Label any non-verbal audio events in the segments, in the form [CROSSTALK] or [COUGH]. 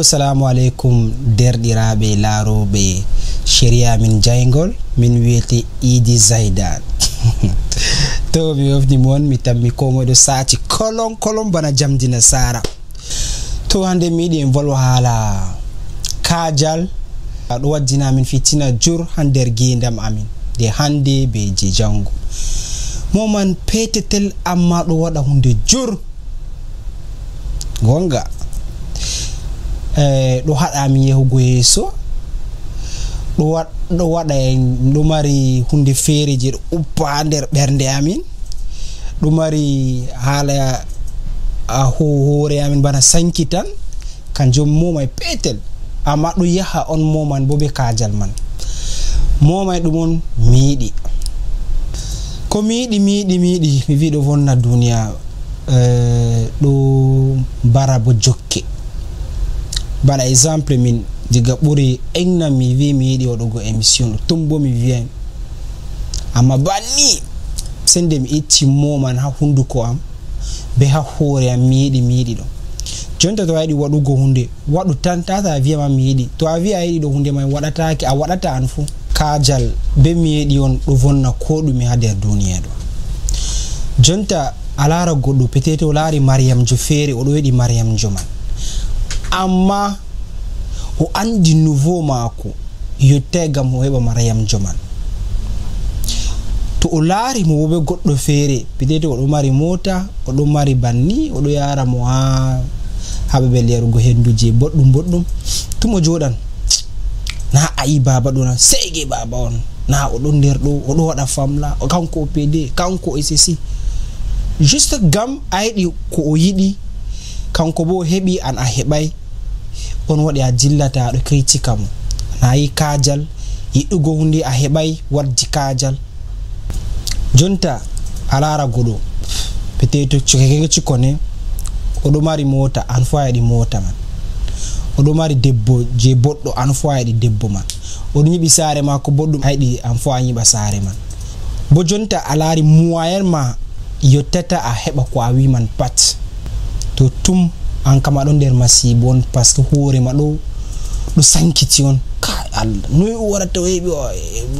assalamu aleykum derɗiraɓe laaroɓe shéria min jaygol min wiyete idi zaydan [LAUGHS] to mi wofni moon mi tammi komoyɗo saati kolon kolon bana jamdina sara to hande mi yiɗi en volwa haala kajal ɗo waddinamin fitina jur ha nder gendam amin de hande be je jango moman petetel amma ɗo waɗa hunde jur gonga Eh, ɗo haɗami yehugo yeeso ɗo ɗo waɗa en ɗo mari hunde feere je ɗo uppa ha nder ɓernde amin ɗo mari haala a ho hoore amin bana sanki tan kanjum momay petel amma ɗo yaha on momay bo ɓe kajal man momay ɗum on mi yiɗi ko mi yiɗi mi yiɗi mi yiɗi mi wi ɗo wonna duniya eh, ɗo bara bo jokke bana exemple min diga ɓuri enna mi wi mi yiɗi waɗugo émission ɗo tun bo mi wiyan amma banni sende mi itti moman ha hunduko am be ha hoore am mi yiɗi mi yiɗi ɗo jonta to a yiɗi waɗugo hunde waɗu tan tata a wiyama mi yiɗi to a wi a yiɗi ɗo hunde mai waɗatake a waɗata an fu kajal be mi yiɗi on ɗo vonna ko ɗume ha nder duniya ɗo jonta a lara goɗɗo peteto o laari mariyamjo feere oɗo yiɗi mariyamjo man amma o andi nouveau maako yettai e gam o heɓa mariyam jomal to o laari mo woɓe goɗɗo feere peut-être oɗo mari mota oɗo mari banni oɗo yara mo ha haɓeɓel yarugo henduje boɗɗum boɗɗum tumo joɗan na ayi baba ɗona seyge baba on na oɗo nder ɗo oɗo waɗa famla kanko o pd kanko o ssi juste gam ayiɗi ko o yiɗi kanko bo o heɓi an a heɓai on waɗi a dillata aɗo critica mo nayi kajal yiɗɗugo hunde a heɓai waddi kajal jonta a lara goɗo peut-être cokekeci kone oɗo mari mota an fo ayaɗi mota man oɗo mari debbo je boɗɗo an fo ayaɗi debbo man oɗo yiɓi sare ma ko boɗɗum ayiɗi an fo a yiɓa sare man bo jonta a lari moyen ma yottata a heɓa ko a wiman pat to tum an kam aɗo nder masibo on par ce que hoorema ɗo ɗo sankiti on ka allah noy o waɗata o heɓi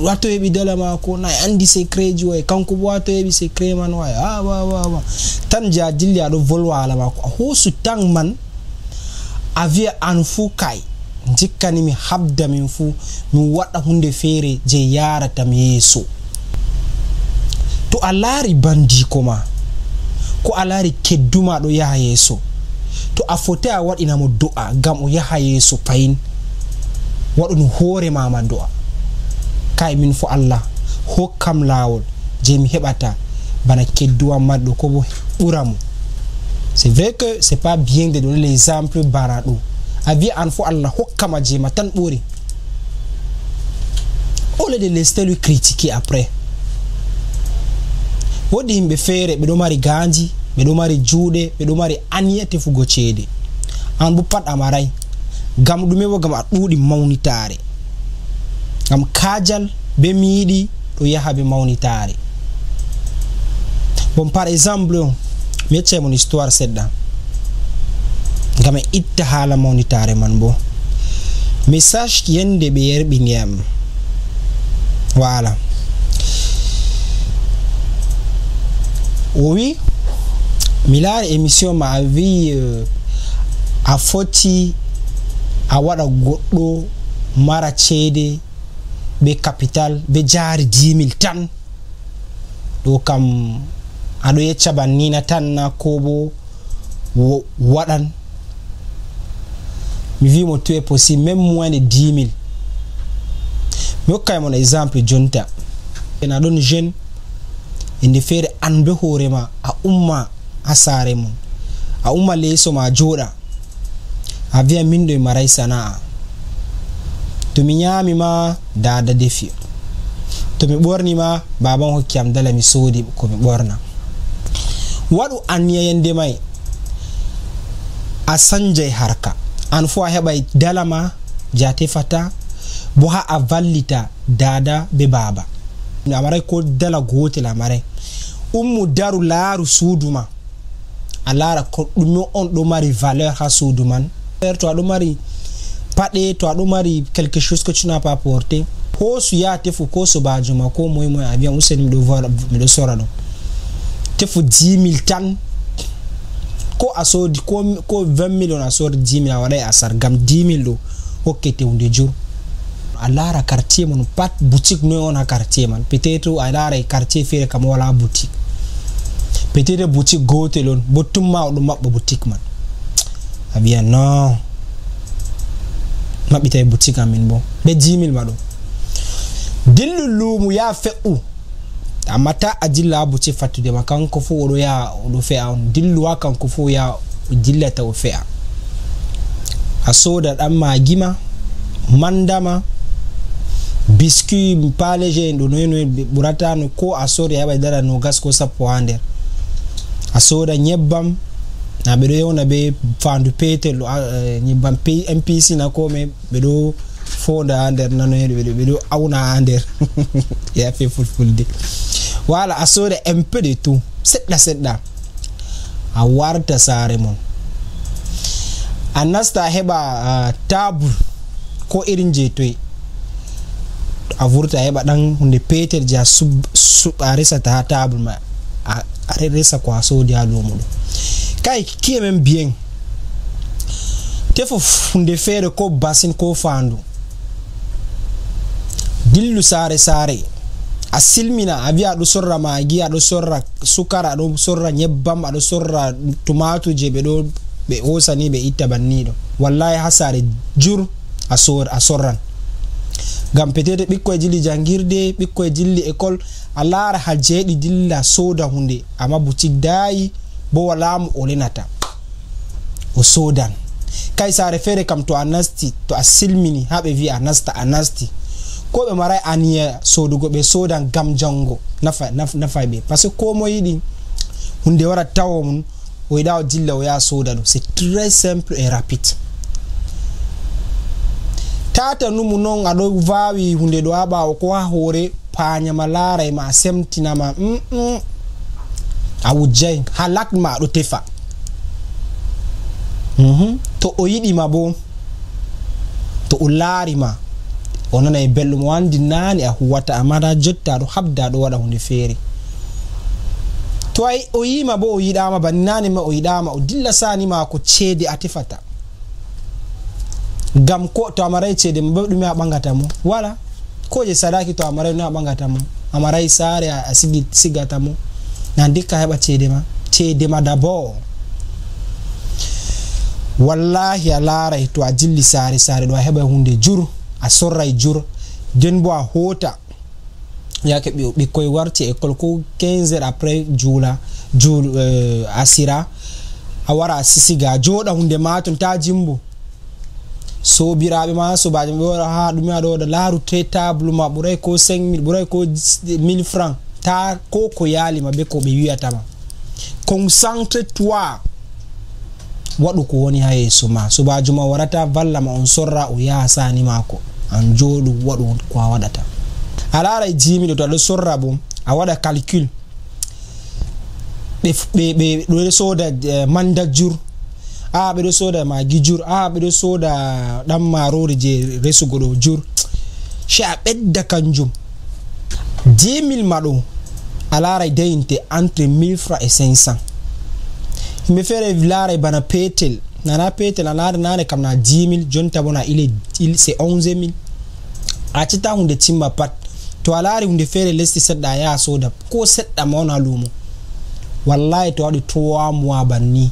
watto heɓi dala mako na e andi secret ji way kanko bo watto heɓi secret man way a wa wa wa tan jaa dilli aɗo volwala mako a hoosu tan man a wiya an fuu kay jikkani mi habda min fuu min waɗa hunde feere je yaratam yeeso to a laari bandiko ma ko a laari kedduma ɗo yaha yeeso a foti a waɗinamo do'a gam o yaha yeeso payin waɗunu hooremama do'a kai min fo allah hokkam laawol je mi heɓata bana kedduwa maɗɗo ko bo ɓuramo c'est vrai que c'est pas bien de donner l' exemple bara ɗo a wiya an fo allah hokkama jema tan ɓuri ole de leste lui critiqué après woɗɗi yimɓe feere ɓeɗo mari gandi ɓeɗo mari juuɗe ɓeɗo mari aniya tefugo ceede an bo pat amaray gam ɗume bo gam a ɗuuɗi mawnitaare gam kajal be miyiɗi ɗo yaha be mawnitaare bon par exemple on mi yeccay e mon histoire seɗɗa gam e itta haala mawnitaare man bo mi sage yande ɓe yerɓiniyam wala o wi mi laari émission ma a wi eh, a foti a waɗa goɗɗo mara ceede ɓe capital ɓe jaari dix mille tan ɗo kam aɗo yecca ban nina tan na ko bo waɗan mi wimo tu e possible même moinde dix mille mi hokkay e mon exemple jonta en aɗon jeune e nde feere anbe hoorema a umma ha saare mum a umma leeso ma jooɗa a wiya min ɗo e maray sana'a to mi yaami ma dada defi to mi ɓorni ma baban hokkiyam dala mi soodi ko mi ɓorna waɗu anniyayande may a sanjay harka an fo a heɓay dala ma je a tefata bo ha a vallita dada be baba amaray ko dala gotel amaray ummu daru laaru suudu ma Alors nous ko une on mari valeur ha suudu man to aɗo mari paɗe to mari quelque chose que tu n'as pas porté hoosu ko ko a 10 tan ko a ko 20 million a 10 mille a asar gam 10 lo ɗo a quartier mon pat boutique on quartier man peut être a quartier feere boutique petetre boutique gotel on bo tummaoɗum maɓɓo boutique man a ɓiya non maɓɓita e boutique amin bo ɓe jimil ma ɗum dillu luumu yaha feu amma ta a dilla ha boutique fattudema kanko fo oɗo yaha oɗo fe'a on dillu ha kanko fo yaha o dillata o fe'a a sooda ɗan magima mandama biscuit palégé en ɗo noyno ɓe ɓuratano ko a sori a heɓa dara no gas ko sappo ha nder a sooda nyebbam na ɓe ɗo yewna be fandu petel e, nyebbam mpc na kome ɓe ɗo fonda ha nder nanoen ɓe ɗo auna ha nder [LAUGHS] yafe fulfulde wala a sooda mpe de tout seɗɗa seɗɗa a warta saare mon a nasta a heɓa table ko irin je toye a vurta a heɓa ɗan hunde petel je a resata ha table ma aɗa resa ko a soodi ha lumuɗum kay kiyemen biyen tefo hunde feere ko basin ko faandu dillu saare saare a silmina a wiya aɗo sorra magi aɗo sorra sukara aɗo sorra nyebbam aɗo sorra tumatu je ɓe ɗo ɓe hosani ɓe itta banniɗo wallahi ha saare jur a sor a sorran gam petete ɓikkoye jilli jangirde ɓikkoye jilli école a laara ha jeeɗi dilla sooda hunde amma boutique daayi bo walamo o lenata o soodan kay saare feere kam to a nasti to a silmini ha ɓe wi a nasta a nasti ko ɓe maray aniya soodugo ɓe soodan gam janngo nafa ɓe par ce que ko mo yiɗi hunde wara tawo mum o yiɗa o dilla o yaha sooda ɗum c'est très simple et rapide tata numu noon aɗo vaawi hunde ɗo ha ɓaawo ko ha hoore paañama laaray ma a semtinama a wujjay ha lakma ɗo tefa mhm. to o yiɗima bo to o laarima o nanay e belɗum wandi naani a huwata amaa jotta ɗo habda ɗo waɗa hunde feere to a o yima bo o yiɗama ba naani ma o yiɗama o dilla sanima ko ceede a tefata gam ko to amaray ceede ma ba ɗum a ɓagata mo wala voilà. ko je sadaki to a marai no a ɓagata mo a marai saare a sigata mo na dikka heɓa ceedema ceedema dabord wallahi a laaray to a jilli saare saare ɗo a heɓa hunde jur a sorray jur den bo a hoota yake ɓikkoye warti école ko 15 heure après juula juul eh, asira a wara a sisiga a jooɗa hunde maton ta jimbo sobiraɓe ma sobajo ma ɓe wara ha ɗume aɗa waɗa laaru te table ma ɓuuray ko 5000 ɓuuray ko 1000 franc ta ko ko yalima be ko ɓe wiyatama concentre toi waɗu ko woni ha yeeso ma sobajo ma warata valla ma on sorra o yaha sani mako an joɗu waɗu ko a waɗata a laaray jimiɗo to aɗo sorra bo a waɗa calcul ɓe ɓe ɗo soda manda jur a ɓeɗo soda magi jur a ɓeɗo soda ɗan marori je resugo ɗo jur se a ɓedda kanjum di mil ma ɗo a laray dayinte entre mille franc et cinq cent himɓe feere laray bana petel nana petel a laara nane kam na di mil jonta bona ile se onze mil a citta hunde timma pat to a laari hunde feere lesti seɗɗa yaha soda ko seɗɗa mawna lumo wallahi to waɗi towa mowi banni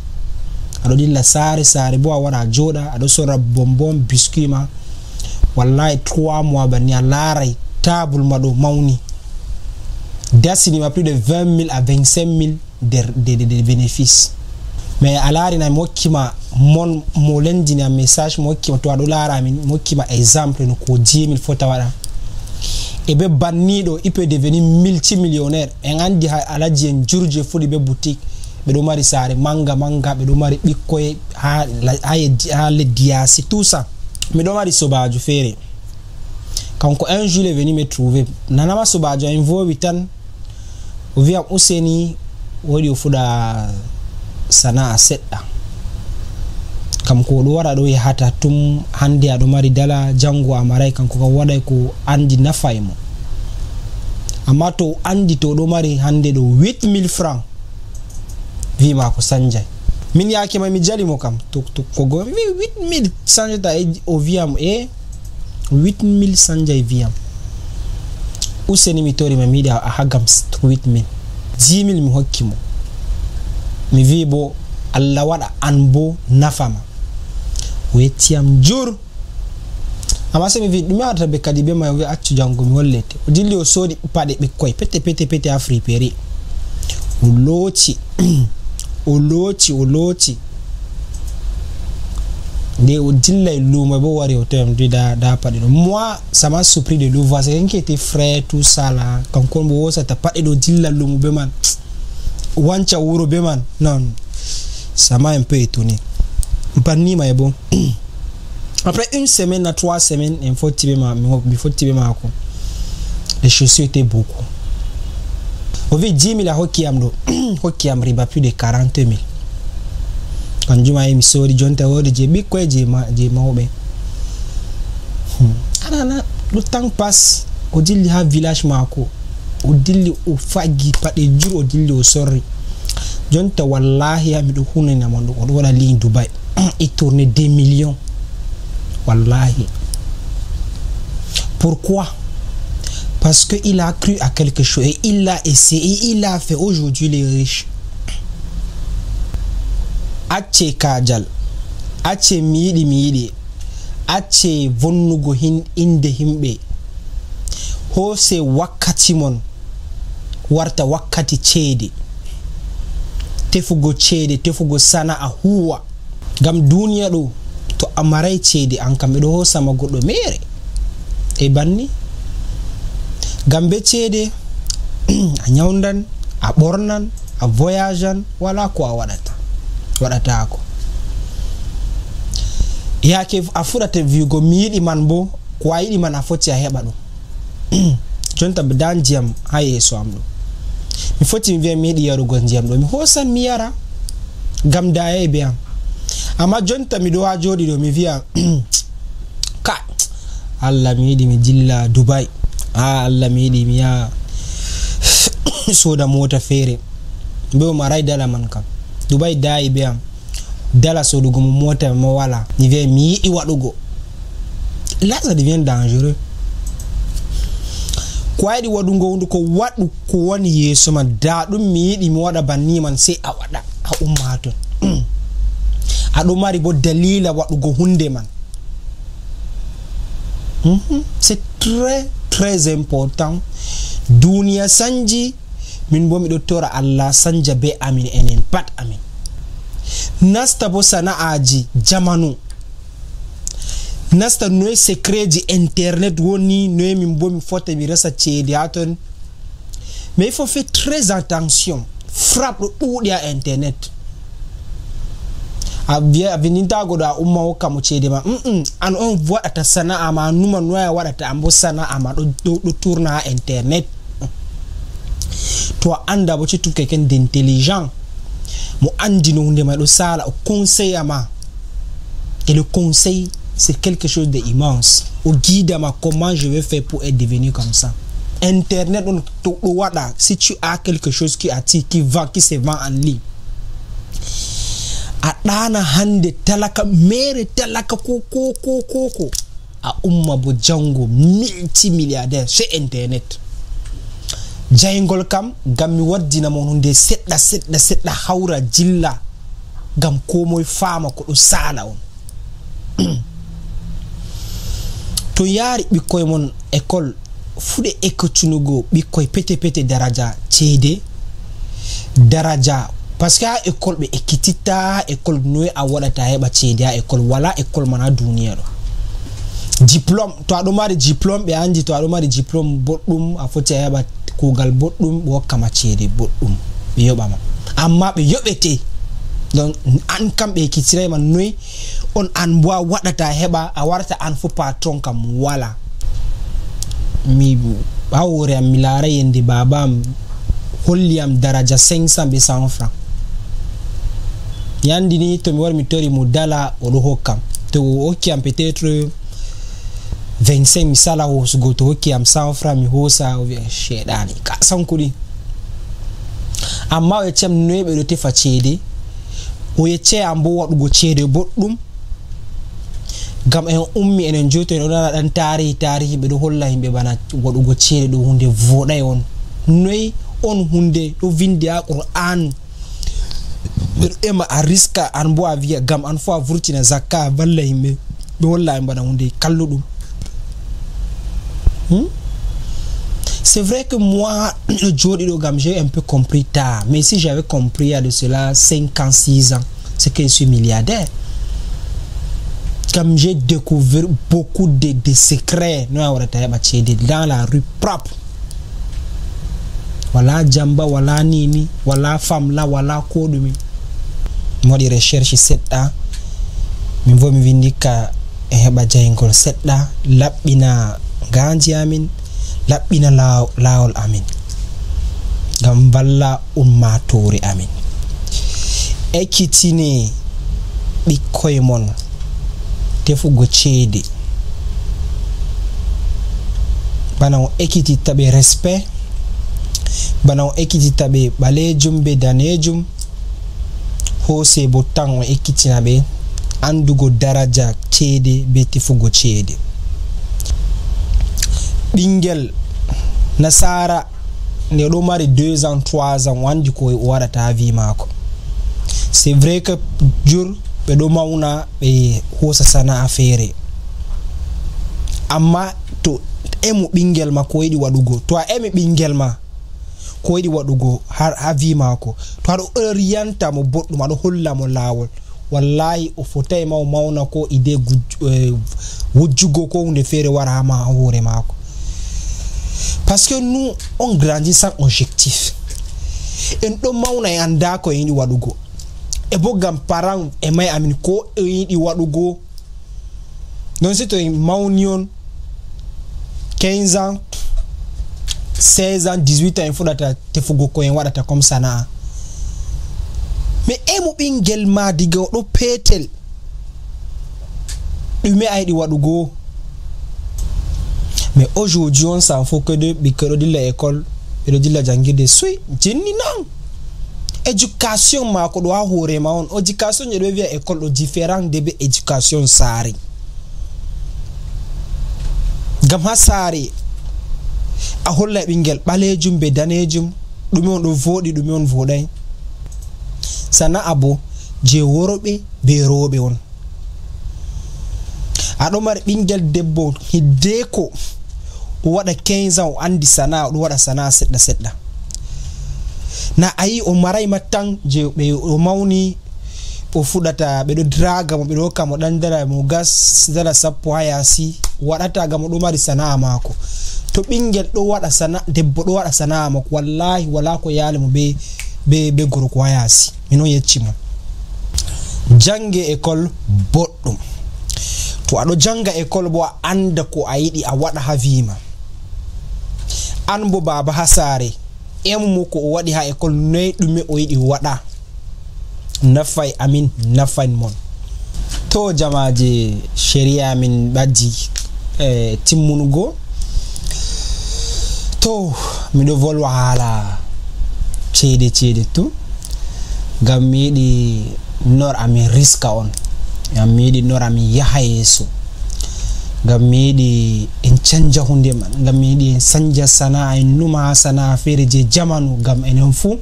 aɗo dilla saare saare bo a wara a jooɗa aɗo sorra bonbon biscuit ma wallahi trois mois banni a laaray table ma ɗo mawni dasinima plus de vingt mille à vingt cinq mille nder dede bénéfice mais a laarina mi hokkima mon mo lendinia message mi hokkima to aɗo laara min mi hokkima exemple no ko dix mille fota waɗa e ɓe banniɗo ipe devenu multimillionnaire en andi ha alaji en jurje fuɗi ɓe boutique ɓeɗo mari saare manga manga ɓeɗo mari ɓikkoye ha ha leddi yaasi tout ça miɗo mari sobajo feere kanko un jule veni mi trouvé nanama sobajo en vowi tan o wiyam useni woɗi o fuɗa sana'a seɗɗa kanko oɗo waɗa ɗo yahata tum hande aɗo mari dala jango amarai kanko kam waɗa ko andi nafa e mo amma to andi to ɗo mari hande ɗo 8 mille franc wima ko sañdiay min yakima mi jalimo kam tuktuk ko gor wi huit mille sañdiata e o wiyam e huit mille sañdiay e wiyam useni mi torima mi yiɗi a haggam huit mille dix mille mi hokkimo mi wi bo allah waɗa an bo nafama o yettiyam jur amma so mi wi ɗume waɗata ɓe kadi ɓe ma wi accu jango mi hollete o dilli o soodi paɗe ɓikkoye pete pete pete a fripéri o looti [CLEARS THROAT] oloci de o e luumo bo wari o tem dui da da paɗe ɗo moi ça m'a surpris de luvo parce que kanki ete frère tout ça là kanko on mo wosata paɗe ɗo dilla lumo be man wanca wuro be man non ça m'a un peu étonné mi pannima e bon après une semaine à trois semaines en fotti ɓe ma mi fotti ɓe maako les chaussures étaient beaucoup o vi jimil a hokkiyam ɗo [CLEARS THROAT] hokkiyam riba plus de 40 mille kanjumay mi sori jonta wodi je ɓikkoye jje mawɓe anana hmm. ɗo tan pas o dilli ha village mako o dilli o faggi paɗe jur o dilli o sorri jonta wallahi ha miɗo hunanamon ɗo oɗo waɗa ligne dubai [CLEARS THROAT] e tourné 2 million wallahi pourquoi parce que il a cru à quelque chose et il l'a essayé il a fait aujourd'hui les riches acce kajal acce mi yiɗi mi yiɗi acce vonnugo inde himɓe hoose wakkati mon warta wakkati ceede tefugo ceede tefugo sana'a huwa ngam duniya ɗo to amarai ceede an kam ɓeɗo hoosama goɗɗo mere e banni gam be ceede [CLEARS THROAT] a nyawdan a ɓornan a voyagean wala ko a waɗata waɗatako yaake a fuɗata wiugo mi yiɗi man bo ko a yiɗi man a foti a heɓa ɗum [CLEARS THROAT] jonta da ndiyam ha yeeso am ɗo mi foti mi wiya mi yiɗi yarugo ndiyam ɗo mi hosan mi yara gam dayai be am amma jonta miɗo ha joɗi ɗo mi wiya [CLEARS THROAT] ka allah mi yiɗi mi dilla dubai ha allah mi yiɗi mi yaha [COUGHS] soda mota feere be o maray dala man kam dubay dayi be am dala sodugo mo mota mo wala mi wiya mi yiɗi waɗugo la ça devient dangereux ko ayiɗi waɗugo wndu ko waɗu ko woni yeeso ma da ɗum mi yiɗi mi waɗa banniman sey a waɗa a umma ton aɗo mari bo dalila waɗugo hunde man mhm, c'est très très important dunia sanji min bo do tora allah sanja be amin enen pat amin nasta bo sana'aji jamanu nasta noye secret d'internet internet woni noye min bo mi fota mi resa ton mais il faut faire très attention frappe ɗo ɗuuɗi a internet vindintagoɗo umma ummawo hokkamo ceede ma mm an on waɗata sana ma numa noya waɗata an bo sana'a do, do tourna internet to a anda tout quelqu'un d'intelligent intelligent mo andino hunde ma e sala conseil ama et le conseil c'est quelque chose de immense o ma comment je vais faire pour être devenu comme ça internet on to wada si tu as quelque chose qui attire qui va qui se vend en ligne a ɗana hande talaka mere talaka ko ko ko ko ko a umma bo jango milti milliardaire se internet jayigol kam gam mi waddina mo hunde seɗɗa seɗɗa seɗɗa hawra jilla gam komoye faama ko ɗo sala on [CLEARS THROAT] to yaari ɓikkoye mon école fuɗe ekocunugo ɓikkoye pete pete daraja ceede daraja par ce que ha école ɓe ekkititta école noy a waɗata heɓa ceedi ha école wala école man ha duniya ɗo diplôme to aɗo mari diplôme ɓe andi to aɗo mari diplôme boɗɗum a foti a heɓa kuugal boɗɗum ɓe hokkama ceede boɗɗum ɓe yoɓama amma ɓe yoɓete donc an kam ɓe ekkitirayma noy on an bo a waɗata heɓa a warata an fo patron kam wala mi ha wore am mi laara yende baba am holliyam daraja 500 be 100 franc yandini tomi wari mi tori mo dala oɗo hokkam to o hokkiyam peut être vingt cinq mi sala hosugo to hokkiyam cent franc mi hosa o wiya sheɗani ka sankuɗi amma o yeccam noye ɓeɗo tefa ceede o yeccayam bo waɗugo ceede boɗɗum gam en ummi enen jotto en oɗana ɗan tarihi tarihi ɓeɗo holla himɓe bana waɗugo ceede ɗo hunde voɗay e on noyi on hunde ɗo vindi ha qour'anu a riska an bo gam an fo zakka e hmm? c'est vrai que moi [CLEARS THROAT] gam j'ai un peu compris tard mais si j'avais compris a de cela 5 ans 6 ans c'est que je suis milliardaire comme j'ai découvert beaucoup de, secrets dans la rue propre voilà jamba voilà nini voilà femme là voilà kodumi mi waɗi recherche seɗɗa min bo mi windika e heɓa jayngol seɗɗa laɓɓina gaji amin laɓɓina lawol amin ngam valla ummatore amin ekkitine ɓikkoye mon tefugo ceede bana o ekkititta ɓe respect bana o ekkititta ɓe ɓalejum be danejum hose bo tan o ekkitina ɓe andugo daraja ceede be tefugo ceede ɓingel nasara nde ɗo mari 2 ans 3 ans wandi ko o waɗata vi maako c'est vrai que jur ɓe ɗo mawna ɓe hosa sana'a feere amma to emu ɓingel ma ko yiɗi waɗugo to a emi ɓingel ma ko yiɗi waɗugo ha vi mako to aɗa orientamo boɗɗum aɗa hollamo lawol wallahi o fotai ma o mawna ko ide e, wujjugo ko hunde feere wara hama hoore mako parce que nous on grandi sans objectif en ɗo mawna e anda ko e yiɗi waɗugo e bo gam parent e mayi amin ko e yiɗi waɗugo non si to mawni on 15 ans 16 ans 18 ans en fuɗata tefugo ko en waɗata comme sana'a mais emo ɓingel ma diga oɗo petel ɗume a yiɗi waɗugo mais aujourdui on san fo que de ɓikke ɗo dilla école ɓeɗo dilla jangirde suy jinni non éducation mako ɗo ha hoorema on éducation je ɗo wiya école ɗo différent de be éducation saari gam ha saari a hollai ɓingel ɓalejum be danejum ɗume on ɗo voɗi ɗume on voɗai sana'a bo je worɓe be roɓe on aɗo mari ɓingel debbo hiddeko o waɗa 15 an o andi sana'a oɗo waɗa sana'a seɗɗa seɗɗa na ayi o marai ma tan je ɓe o mauni o fuɗata ɓeɗo dragamo ɓeɗo hokkamo ɗan dala mo gas dala sappo ha yasi waɗata gamo ɗo mari sana'a mako to ɓingel ɗo waɗa sana debbo ɗo waɗa sana'a mako wallahi wala ko yali mo be be gorko ha yasi mino yeccimo jange école boɗɗum to aɗo janga école bo a anda ko a yiɗi a waɗa ha wima an bo baba ha saare emumo ko o waɗi ha école noyi ɗume o yiɗi waɗa nafay amin nafan mon to jamaje shéri amin ɓaddi eh, timmungo to miɗo volwa haala ceede ceede to ngam mi yiɗi nor amin riska on gam mi yiɗi nor amin yaha yeeso ngam mi yiɗi en canja hunde man ngam mi yiɗi en sanja sana'a en numa ha sana'a feere je jamanu ngam enen fuu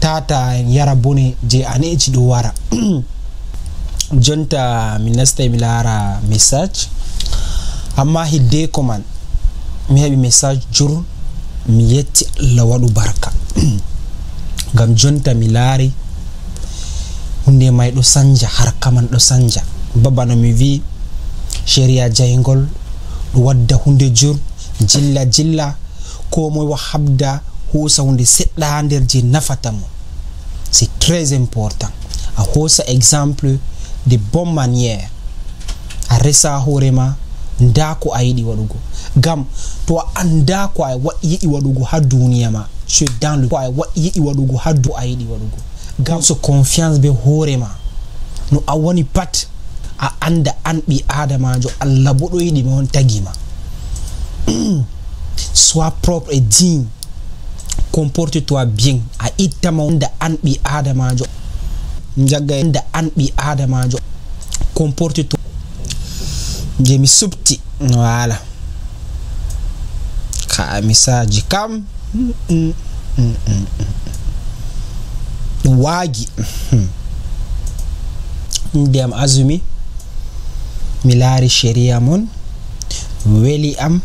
tata en yara bone je aneji ɗo wara [CLEARS THROAT] jonta mi nastai mi laara message amma hiddeko man mi heɓi message jur mi yetti allah waɗu barka [CLEARS THROAT] ngam jonta mi laari hunde may ɗo sanja harkaman ɗo sanja babano mi wi sheria jayngol ɗo wadda hunde jur jilla jilla ko moe wa habda hosa hunde seɗɗa ha nder je nafata mo c'est très important a hosa exemple de bon manière a resa hoorema nda ko a yiɗi waɗugo gam to a annda ko a yiɗi waɗugo ha duniya ma cdanko a yiɗi waɗugo ha do a yiɗi waɗugo gam so confiance be hoorema no a woni pat a anda an ɓi adamajo allah bo ɗo yiɗi ma on tagima [CLEARS THROAT] soit propre e din comporte toi bien a ittama onda an ɓi adamajo jagga anda an ɓi adamajo comporte to je mi subti wala ka misaji kam ɗum waagi nde azumi mi laari shari'a mon weli am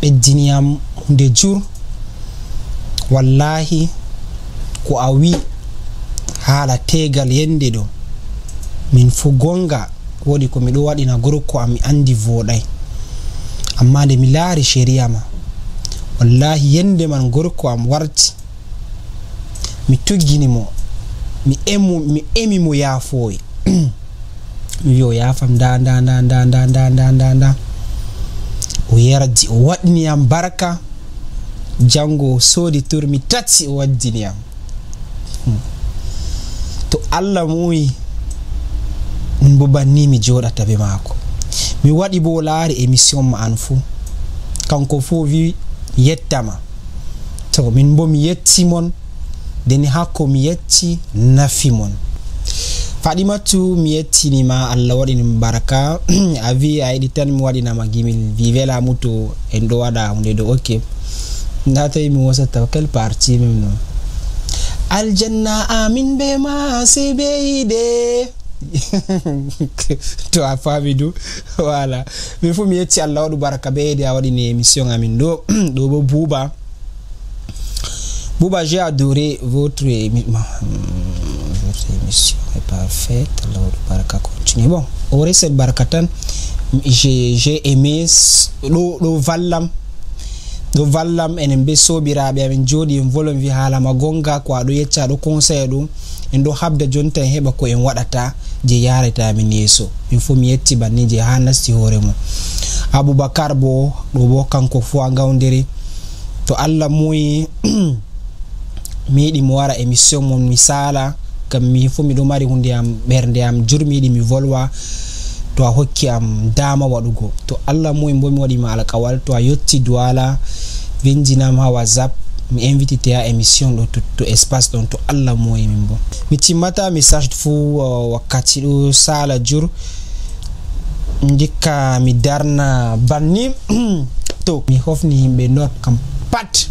ɓeddini am hunde jur wallahi ko a wi haala tegal yende ɗo min fu gonga woɗi ko miɗo waɗina gorko am mi andi voɗay amma nde mi laari sheria ma wallahi yende man gorko am warti mi tugginimo mi emu mi emimo yaafoye mi wi [CLEARS THROAT] o yaafam da da da da da da da da da o yardi o waɗiniyam barka janngo o soodi tour mi tati o waddiniyam hmm. to allah muyi bo banni mi joɗatta be mako mi waɗi bo laari émission e ma an fuu kanko fuu wi yettama to min bo mi mon deni hakko mi yetti nafi mon faɗimatu mi yettinima allah waɗini baraka a wi a yiɗi tan mi waɗinama gimil wi welamu to en ɗo waɗa hunde ɗo ok nda tawi mi wosata quel parti mim no aljanna amin be ma sey be yiɗe to a faami voilà mais fo mi yetti allah waɗu baraka be yeyde a waɗini émission amin ɗo ɗo [CLEARS THROAT] bo buuba j'ai adoré votre hmm, votre émission est parfaite allah waɗu baraka continue bon au récent baraka tan j'ai aimé le ɗo vallam do vallam enen be soɓiraɓe amin joɗi en volo vi halama gonga ko aɗo yecca ɗo conseil ɗum en ɗo habda jonta en heɓa ko en waɗata je yareta amin yeeso min fo mi yetti banni je ha nasti hoore mum aboubacar bo ɗo bo kanko fo a gawdiri to allah muyi [CLEARS THROAT] mi yiɗi mi wara émission mum mi sala gam min fo miɗo mari hundeyam ɓerde am jurmi yiɗi mi volwa to a hokki am dama waɗugo to allah moen mbo mi waɗima alkawal to a yetti duwala vindinam ha whatsapp mi invitite ha émission ɗo to espace ɗon to allah moye min bo mi timmata message fuu uh, wakkati ɗo sala jur dikka mi darna banni [CLEARS THROAT] to mi hofni yimɓe not kam pat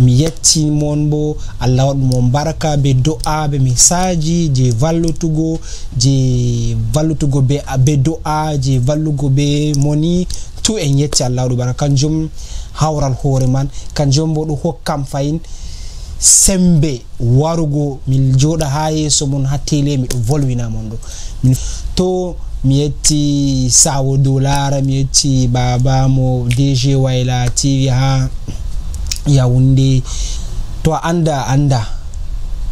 mi yettimon bo allah waɗu mon baraka be do'a be misaji je vallutugo je vallutugo be, be do'a je vallugo be moni tu en yetti allah waɗu bara kanjum hawral hoore man kanjum bo ɗo hokkam fayin sembe warugo mi joɗa ha yeeso mon ha tele miɗo volwinamon ɗo to mi yetti sawo dow laara mi yetti baba mo dg waylati ha yawunde to a anda a anda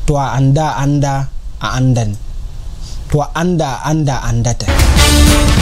to a anda a anda a andan to a anda a anda a andata